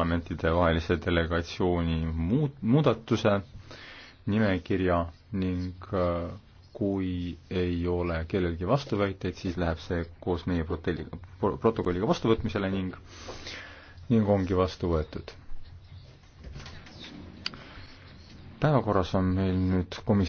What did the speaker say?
parlamentidevahelise delegatsiooni muut-, muudatuse nimekirja ning äh, kui ei ole kellelgi vastuväiteid, siis läheb see koos meie protelliga, protokolliga vastuvõtmisele ning, ning ongi vastu võetud. päevakorras on meil nüüd komis-,